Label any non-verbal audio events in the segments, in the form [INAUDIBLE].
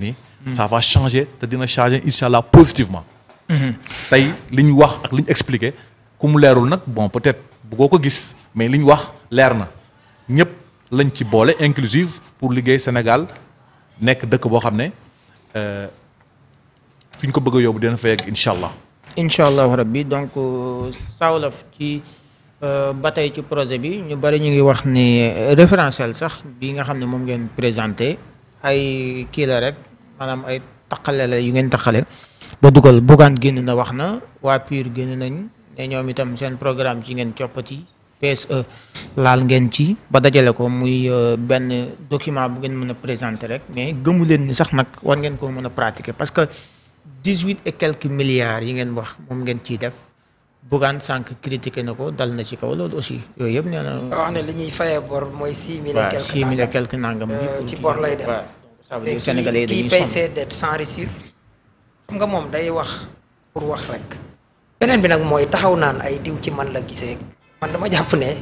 nii ça va changer te dina changer incha allah positivement tey li ñu wax ak li ñu expliqué ku mu leerul nag bon peut-être buggoo ko gis mais li ñu wax leer na ñëpp lañ ci boole inclusive pour liggéey Sénégal nekk dëkk boo xam ne euh, fi ñu ko bëgg a yóbbu dina fa yegg incha allah incha allah rabbi donc euh, sawolof ci euh, ba tey ci projet bi ñu bari ñu ngi wax ni référentiel sax bi nga xam ne moom ngeen présenté ay kii la rek maanaam ay taqale la yu ngeen taqale ba dugal Bougane génn na wax na waa PUR génn nañ ne ñoom itam seen programme ci ngeen coppati PSE laal ngeen ci ba dajale ko muy euh, benn document bu ngeen mën a présenter rek mais gëmu leen ni sax nag war ngeen koo mën a pratiquer parce que dix-huit et quelques milliards yi ngeen wax moom ngeen ciy def Bougane sànq critiqué na ko dal na ci kaw loolu aussi yooyu yëpp nee na. wax ne li ñuy fayee bor mooy six mille et quelque. nangam six mille et euh, ci bor lay dem donc ça veut dire yi dañuy sonn paye ses dettes sans réussir. xam nga moom day wax pour wax rek. beneen bi nag mooy taxaw naan ay diw ci man la gisee. man dama jàpp ne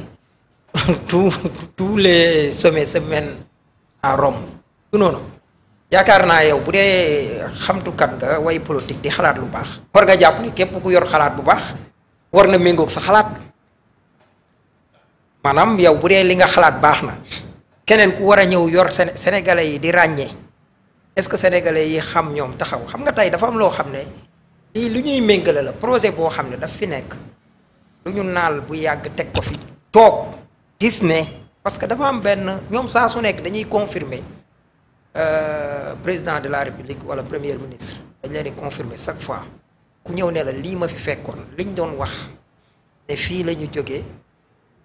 [LAUGHS] tous tous les sommets se mènent Rome. noonu yaakaar naa yow bu dee xamtukat nga way politique di xalaat lu baax. war nga jàpp ne képp ku yor xalaat bu baax. war na méngoog sa xalaat maanaam yow bu dee li nga xalaat baax na keneen ku war a ñëw yor sénégalais yi di ràññee est-ce que sénégalais yi xam ñoom taxaw xam nga tey dafa am loo xam ne lii lu ñuy méngale la projet boo xam ne daf fi nekk lu ñu naal bu yàgg teg ko fi toog gis ne parce que dafa am benn ñoom saa su nekk dañuy confirmer euh, président de la république wala premier ministre dañ leen di confirmer chaque fois ku ñëw ne la lii ma fi fekkoon liñ doon wax ne fii la ñu jógee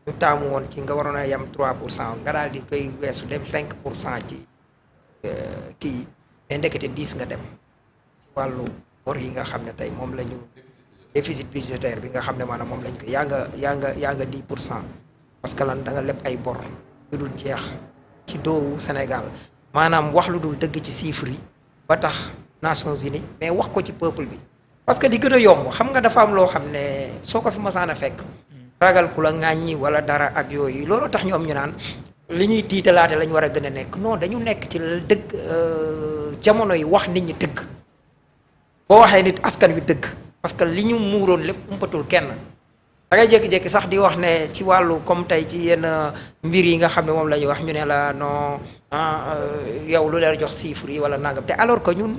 ñu taamu woon ci nga waroon a yem 3 pour cent nga daal di koy weesu dem cinq pour cent ci euh, kii mais ndekete 10 nga dem ci wàllu bor yi nga xam ne tey moom la ñu déficit bi nga xam ne maanaam moom lañ ko yaa nga yaa nga yaa pour cent parce que lan da nga leb ay bor lu dul jeex ci doowu Sénégal maanaam wax lu dul dëgg ci chiffre yi ba tax Nations Unies mais wax ko ci peuple bi parce que li gën a yomb xam nga dafa am loo xam ne soo ko fi masaan a fekk ragal ku la ŋàññi wala dara ak yooyu looloo tax ñoom ñu naan li ñuy tiitalaate lañ war a gën a nekk non dañu nekk ci dëgg euh, jamono yi wax nit ñi dëgg boo waxee nit askan wi dëgg parce que li ñu muuroon lépp umpatul kenn da ngay jékki-jékki sax di wax ne ci wàllu comme tey ci yenn euh, mbir yi nga xam ne moom la ñuy wax ñu ne la non ah, euh, yow lu leer jox chiffre yi wala nangam te alors que ñun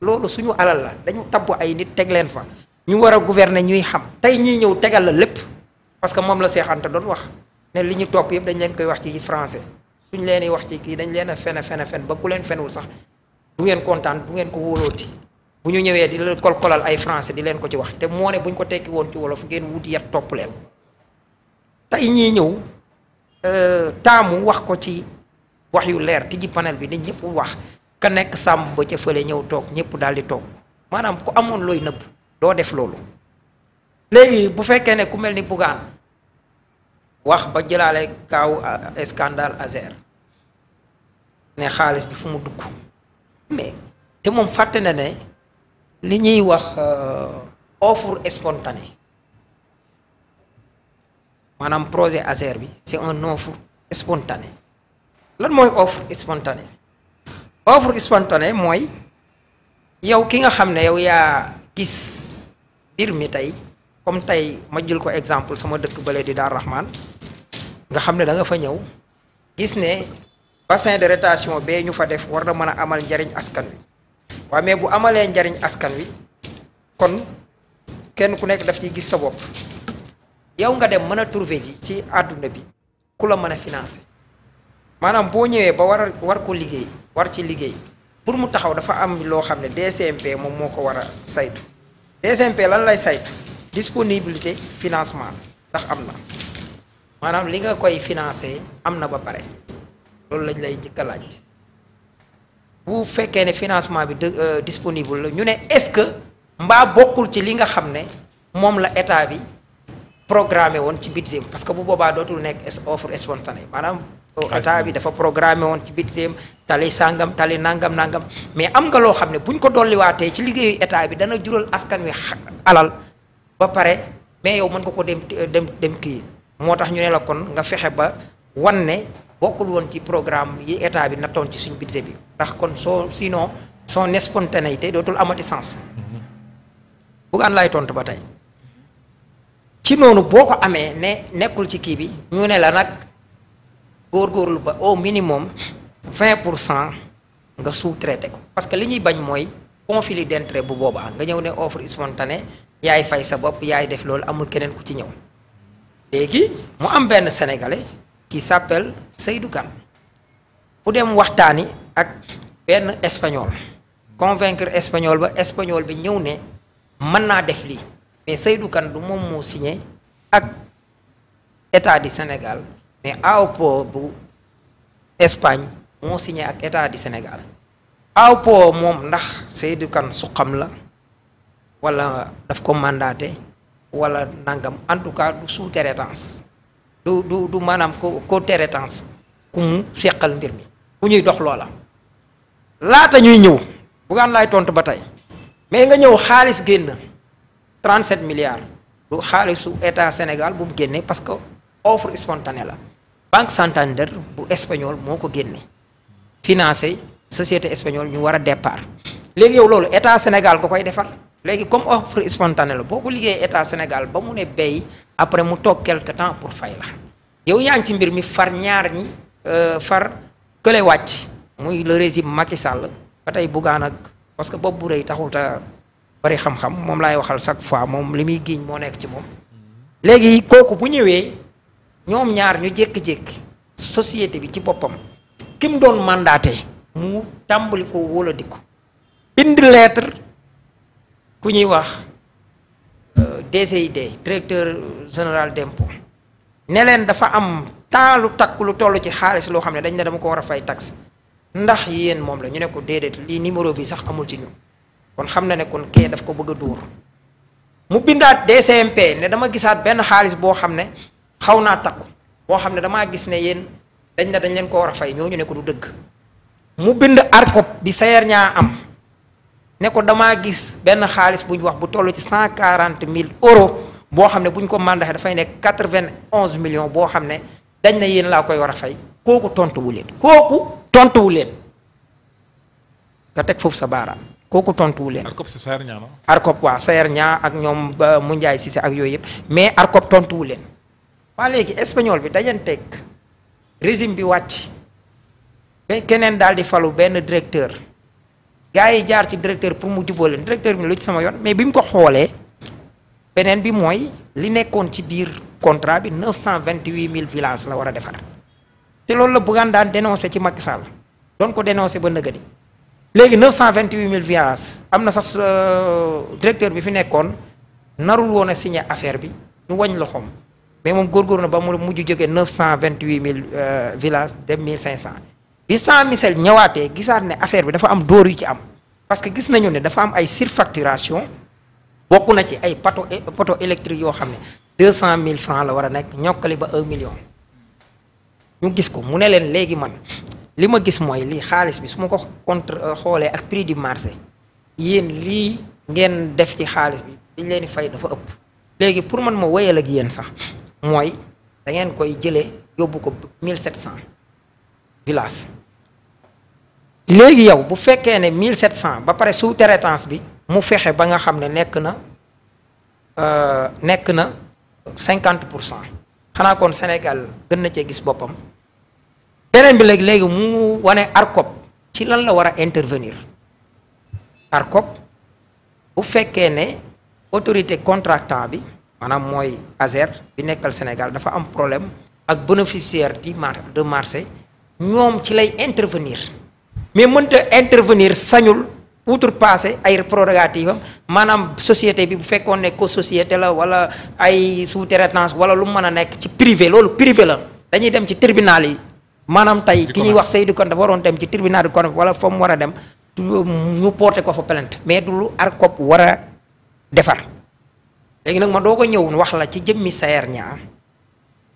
loolu suñu alal la dañu tabb ay nit teg leen fa ñu war a gouverner ñuy xam tey ñiy ñëw tegal la lépp parce que moom la Cheikh Anta doon wax ne li ñu topp yëpp dañ leen koy wax ci français suñ leen di wax ci kii dañ leen a fen a fen a fen ba ku leen fenul sax du ngeen kontaan du ngeen ko wóolooti bu ñu ñëwee di la kolkolal ay francais di leen ko ci wax te moo ne bu ñu ko tekki woon ci wolof ngeen wuti yat topp leen tey ñii ñëw euh, taamu wax ko ci wax yu leer tijji panel bi nit ñëpp wax ka nekk sàmm ba ca fële ñëw toog ñëpp daal di toog maanaam ku amoon looy nëbb doo def loolu léegi bu fekkee ne ku mel ni Bougane wax ba jëlaale kaaw scandale Azer ne xaalis bi fu mu dugg mais te moom fàtte na ne li ñuy wax euh, offre spontanée maanaam projet Azer bi c'est un offre spontanée lan mooy offre spontané offre spontanée mooy yow ki nga xam ne yow yaa gis mbir mi tey comme tey ma jël ko exemple sama dëkk bële di Daar Rahman nga xam ne da nga fa ñëw gis ne bassin de rétention bee ñu fa def war na mën a amal njariñ askan wi waaye mais bu amalee njariñ askan wi kon kenn ku nekk daf ciy gis sa bopp yow nga dem mën a trouver ji ci àdduna bi ku la mën a financer maanaam boo ñëwee ba war war ko liggéey war ci liggéey pour mu taxaw dafa am loo xam ne DCMP moom moo ko war a saytu DCMP lan lay saytu disponibilité financement ndax am na maanaam li nga koy financé am na ba pare loolu lañ lay njëkk a laaj bu fekkee ne financement bi de euh, disponible la ñu ne est-ce que mbaa bokkul ci li nga xam ne moom la état bi programmé woon ci budget parce que bu boobaa dootul nekk offre spontanée maanaam état bi dafa programme woon ci budget tali sàngam tali nangam nangam mais am nga loo xam ne buñ ko dolliwaatee ci liggéeyu état bi dana jural askan wi alal ba pare mais yow mën ko ko dem dem dem kii moo tax ñu ne la kon nga fexe ba wan ne bokkul woon ci programme yi état bi nattoon ci suñ budget bi ndax kon soo sinon son spontanéité dootul amati sens mm-hmm. buggaan laay tontu ba tey ci noonu boo ko amee ne nekkul ci kii bi ñu ne la nag góor góorgóorlu ba au minimum vingt pour cent nga sous-traité ko parce que li ñuy bañ mooy conflit d'intérêt bu boobaa nga ñëw ne offre spontanée yaay fay sa bopp yaay def loolu amul keneen ku ci ñëw léegi mu am benn sénégalais qui s'appelle Seydou Kane bu dem waxtaani ak benn espagnol convaincre espagnol ba espagnol bi ñëw ne mën naa def lii mais Seydou Kane du moom moo signé ak état du Sénégal mais AOPO bu Espagne moo signé ak état du Sénégal po moom ndax Seydou Kane su xam la wala daf ko mandaté wala nangam en tout cas du sous-traitance du du du maanaam ko co-traitance ku mu seqal mbir mi ku ñuy dox loola laata ñuy ñëw bugaan laay tontu ba tey mais nga ñëw xaalis génn 37 milliards du xaalisu état Sénégal bu mu génnee parce que offre spontané la banque Santander bu espagnol moo ko génne financé société espagnole ñu war a départ léegi yow loolu état Sénégal nga koy defar léegi comme offre spontané la boo ko liggéeyee état Sénégal ba mu ne bay après mu toog quelque temps pour fay la yow yaa ngi ci mbir mi far ñaar ñi euh, far kële wàcc muy le régime Macky Sall ba tey buggaan nag parce que bopp bu rëy taxul ta bari xam-xam moom laay waxal chaque fois moom li muy giiñ moo nekk ci moom léegi kooku bu ñëwee. ñoom ñaar ñu jékki-jékki société bi ci boppam kim doon màndaate mu tàmbali ko wóola di ko bind ku ñuy wax DCID euh, directeur général d'impôt ne leen dafa am taalu takk lu toll ci xaalis loo xam ne dañ ne dama ko war a fay tax ndax yéen moom la ñu ne ko déedéet lii numéro bi sax amul ci ñu kon xam na ne kon kee daf ko bëgg a dóor mu bindaat DCMP ne dama gisaat benn xaalis boo xam ne xaw naa takku boo xam ne damaa gis ne yéen dañ la dañ leen ko war a fay ñu ne ko du dëgg mu bind arcop bi sayer ñaa am ne ko damaa gis benn xaalis bu wax bu toll ci cent quarante mille euros boo xam ne bu ko màndaxee dafay nekk quatre vingt onze millions boo xam ne dañ na yéen laa koy war a fay kooku tontuwu leen kooku tontuwu leen nga teg foofu sa baaraam kooku tontuwu leen. Arcop si sayer ñaa non. Arcop ñaa ak ñoom mu Ndiaye Cissé ak yooyu yëpp mais Arcop tontuwu leen. waa léegi espagnol bi dajanteeg régime bi wàcc ba keneen daal di falu benn directeur gaa yi jaar ci directeur pour mu jubóo leen directeur bi lu ci sama yoon mais bi mu ko xoolee beneen bi mooy li nekkoon ci biir contrat bi 928000 villages la war a defar te loolu la Bougane daan dénoncé ci Macky Sall doon ko dénoncé ba nëgëdi léegi 928000 villages am na sax euh, directeur bi fi nekkoon narul woon a signé affaire bi ñu wañ loxoom. mais moom góorgóorlu na ba mu mujj jógee neuf cent vingt huit mille euh, villages dem mille cinq cent bi cent mille ñëwaatee gisaat ne affaire bi dafa am dóor yu ci am parce que gis nañu ne dafa am ay surfacturation bokk na ci ay pato eh, poto électrique yoo xam ne deux cent mille francs la war a nekk ñokkali ba un million ñu gis ko mu ne leen léegi man li ma gis mooy lii xaalis bi su ma ko contre euh, xoolee ak prix du marché yéen lii ngeen def ci xaalis bi liñ leen di fay dafa ëpp léegi pour man ma wéyal ak yéen sax mooy da ngeen koy jëlee yóbbu ko mille sept cent village léegi yow bu fekkee ne mille sept cent ba pare sous-traitance bi mu fexe ba nga xam ne nekk na euh, nekk na cinquante pour cent xanaa kon Sénégal gën na cee gis boppam beneen bi léegi léegi mu wane ARCOP ci lan la war a intervenir ARCOP bu fekkee ne autorité contractant bi maanaam mooy ASER bi nekkal Sénégal dafa am problème ak bénéficiaire di mar de marché ñoom ci lay intervenir mais mënta intervenir sañul outrepassé ay prérogatives am maanaam société bi bu fekkoon ne ko société la wala ay sous-traitance wala lu mën a nekk ci privé loolu privé la dañuy dem ci tribunal yi maanaam tey ki ñuy wax Seydou Kane dafa waroon dem ci tribunal du commerce wala fa mu war a dem ñu euh, porté ko fa plainte mais du lu ARCOP war a defar léegi nag ma doo ko ñëw wax la ci jëmmi Saer ñaa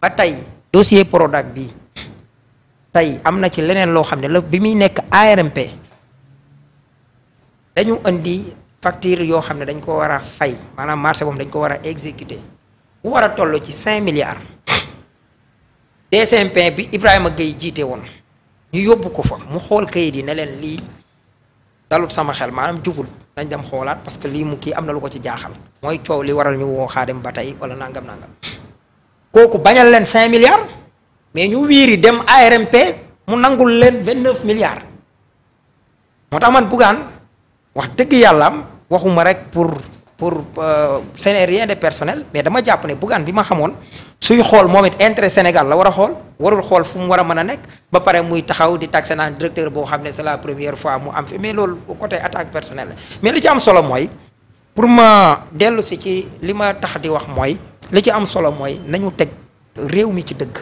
ba tey dossier Prodac bi tey am na ci leneen loo xam ne la bi muy nekk ARMP dañu indi facture yoo xam ne dañ ko war a fay maanaam marché boobu dañ ko war a exécuter bu war a toll ci cinq milliards DCMP bi Ibrahima Gueye jiite woon ñu yóbbu ko fa mu xool kayit yi ne leen lii dalut sama xel maanaam jugul nañ dem xoolaat parce que lii mu kii am na lu ko ci jaaxal mooy coow li waral ñu woo xaadim ba tey wala nangam nangam kooku bañal leen cinq milliards mais ñu wiiri dem ARMP mu nangul leen vingt neuf milliards moo tax man buggaan wax dëgg yàlla waxuma rek pour pour euh, ce n'est personnel mais dama jàpp ne Bougane bi ma xamoon suy xool moom it intérêt Sénégal la war a xool warul xool fu mu war a mën a nekk ba pare muy taxaw di taxe naan directeur boo xam ne c'est la première fois mu am fi mais loolu côté attaque personnelle la mais li ci am solo mooy pour ma dellu si ci li ma tax di wax mooy li ci am solo mooy nañu teg réew mi ci dëgg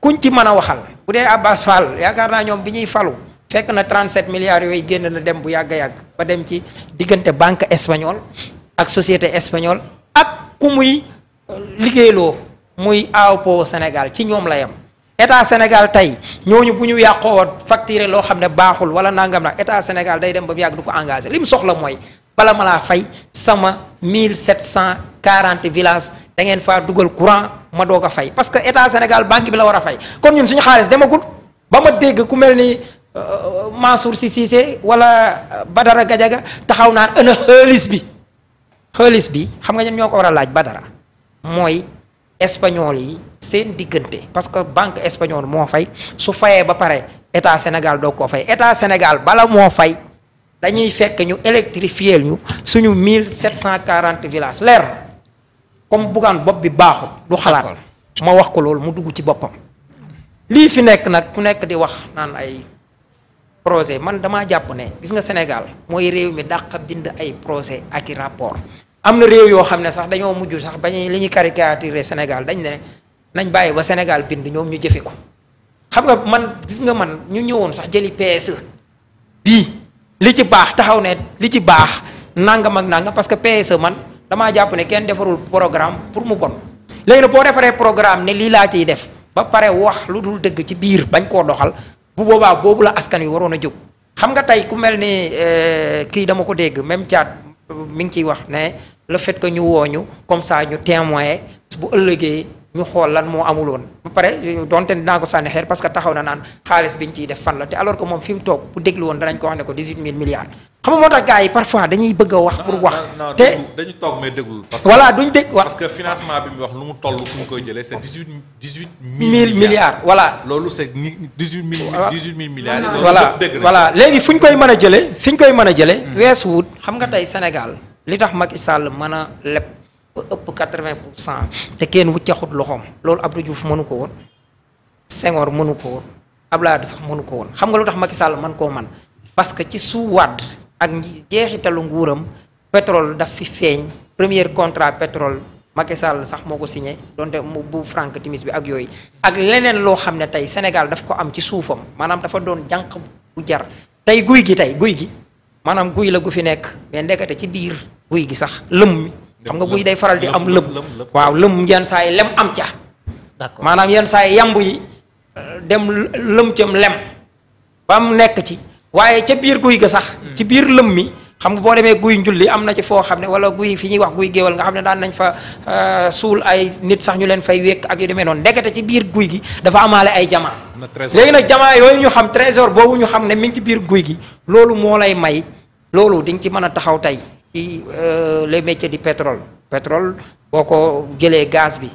kuñ ci mën a waxal bu dee Abbas Fall yaakaar naa ñoom bi ñuy falu fekk na 37 milliards yooyu génn na dem bu yàgg a yàgg ba dem ci diggante banque espagnole ak société espagnole ak ku muy euh, liggéeyloo muy AOPO Sénégal ci ñoom la yem. état Sénégal tey ñooñu bu ñu yàqoo woon facturé loo xam ne baaxul wala nangam nag état Sénégal day dem ba mu yàgg du ko engagé li mu soxla mooy bala ma laa fay sama 1740 villages da ngeen faa dugal courant ma doog a fay parce que état Sénégal banque bi la war a fay kon suñu xaalis demagul ba Euh, Mansour Sy Cissé wala euh, Badara Gadiaga taxaw naan ëna xaalis bi xaalis bi xam nga ñoom ñoo ko war a laaj Badara mooy espagnol yi seen diggante parce que banque espagnole moo fay su fayee ba pare état Sénégal doo ko fay état Sénégal bala moo fay dañuy fekk ñu électrifier ñu suñu mille sept cent quarante village leer comme buggaan bopp bi baaxul du xalaat ma wax ko loolu mu dugg ci boppam lii fi nekk nag ku nekk di wax naan ay projet man damaa jàpp ne gis nga Sénégal mooy réew mi dàq bind ay projet ak i rapport am na réew yoo xam ne sax dañoo mujj sax bañ li ñuy caricaturer Sénégal dañ ne nañ bàyyi ba Sénégal bind ñoom ñu jëfe ko xam nga man gis nga man ñu ñëwoon sax jëli PSE bii li ci baax taxaw ne li ci baax nangam ak nangam parce que PSE man damaa jàpp ne kenn defarul programme pour mu bon léegi nag boo defaree programme ne lii laa ciy def ba pare wax lu dul dëgg ci biir bañ koo doxal bu boobaa boobu la askan wi waroon a jóg xam nga tey ku mel ni euh, kii dama ko dégg même caat euh, mi ngi ciy wax ne le fait que ñu wooñu comme ça ñu témoin bu ëllëgee ñu xool lan moo amul woon ba pare donte dinaa ko sànni xeer parce que taxaw na naan xaalis biñ ciy def fan la te alors que moom fi mu toog bu déglu woon danañ ko wax ne ko 18000 milliards. xam a que voilà duñ dégg parce que financement bi mu wax lu mu toll fu ñu koy jëlee léegi fu ñu koy mën a jëlee fi ñu koy mën a jëlee. Hmm. wees wut xam nga tey Sénégal li tax Macky Sall man a leb ba ëpp quatre-vingt pour cent te kenn wuccaxut loxoom loolu Abdou Diouf mënu ko woon Senghor mënu ko woon Abdoulaye sax mënu ko woon xam nga lu tax Macky Sall man koo man parce que ci su Wade ak jeexitalu nguuram pétrole daf fi feeñ premier contrat pétrole Macky sax moo ko signé donte mu bu Frank Timis bi ak yooyu ak leneen loo xam ne tey Sénégal daf ko am ci suufam maanaam dafa doon jànq bu jar tey guy gi tey guy gi maanaam guy la gu fi nekk mais ndekete ci biir guy gi sax lëm xam nga buy day faral di am lëm waaw lëm yenn saa yi lem am ca maanaam yenn saa yi yamb yi dem lëm cam lem ba mu nekk ci waaye ca biir guy ga sax hmm. ci biir lëm mi xam nga boo demee guy njulli am na ci foo xam ne wala guy fi ñuy wax guy géewal nga xam ne daan nañ fa euh, suul ay nit sax ñu leen fay wékk ak yu demee noonu ndekete ci biir guy gi dafa amaale ay jamaa léegi nag jamaa yooyu ñu xam trésor boobu ñu xam ne mi ngi ci biir guy gi loolu moo lay may loolu di ci mën a taxaw tey ci euh, les métiers du pétrole pétrole boo ko jëlee gaz bi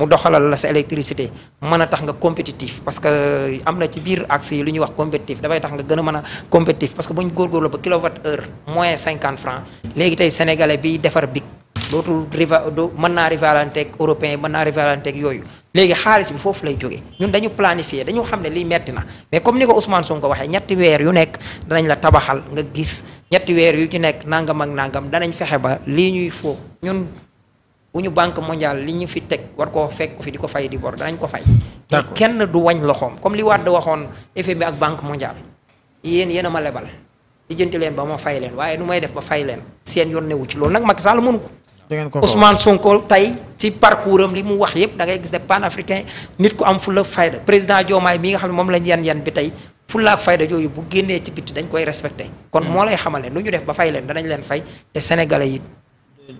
mu doxalal la sa électricité mën a tax nga compétitif parce que euh, am na ci biir axe yi lu ñuy wax compétitif dafay tax nga gën a mën a compétitif parce que bu ñu góorgóorlu ba kilowatt heure moins cinquante francs léegi tey sénégalais bi defar big dootul riva doo mën naa rivalanteeg européen mën naa rivalanteeg yooyu léegi xaalis bi foofu lay jógee ñun dañu planifier dañu xam ne lii metti na mais comme ni ko Ousmane Sonko waxee ñetti weer yu nekk danañ la tabaxal nga gis ñetti weer yu ci nekk nangam ak nangam danañ fexe ba lii ñuy foo ñun bu ñu banque mondial li ñu fi teg war koo fekk fi di ko fay di bor danañ ko fay. d'accord kenn du wañ loxoom comme li da waxoon FMI bi ak banque mondial yéen yéen a ma lebal lijjanti leen ba ma fay leen waaye nu may def ba fay leen seen yoon newu ci loolu nag Macky Sall mënu Ousmane Sonko tey ci parcours am li mu wax yépp da ngay gis ne panafricain nit ku am fulla fayda président Diomaye mi nga xam ne moom lañ yan yan bi tey fulla fayda jooju bu génnee ci biti dañ koy respecté kon moo lay xamale nu ñu def ba fay leen danañ leen fay te sénégalais yi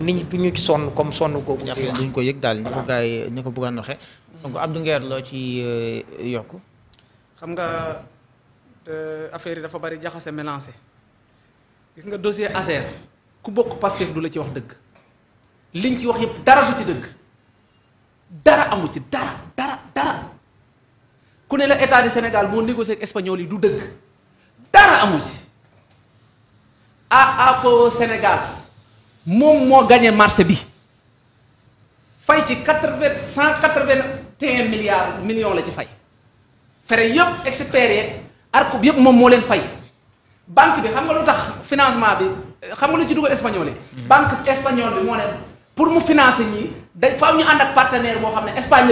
nit ñu ci sonn comme sonn googu duñ ko yëg daal ñu ko gars yi ñu ko bëggoon waxee donc Abdou Nguer loo ci euh, yokk xam nga euh, affaire yi dafa bari jaxase mélangé gis nga dossier ASER ku bokk Pastef du la ci wax dëgg liñ ci wax yëpp dara du ci dëgg dara amu ci dara dara dara ku ne la état du Sénégal moo négocié ak yi du dëgg dara amu ci AAPO Sénégal moom moo gagné marché bi fay ci quatre-vingt cent quatre-vingt-un milliards millions la ci fay fere yëpp experts yeeg ARCOP yëpp moom moo leen fay banque bi xam nga lu tax financement bi xam nga lu ci dugal espagnol yi. Hmm. banque espagnol bi moo ne. pour mu financer ñii dañ faaw ñu ànd ak partenaire boo xam ne Espagne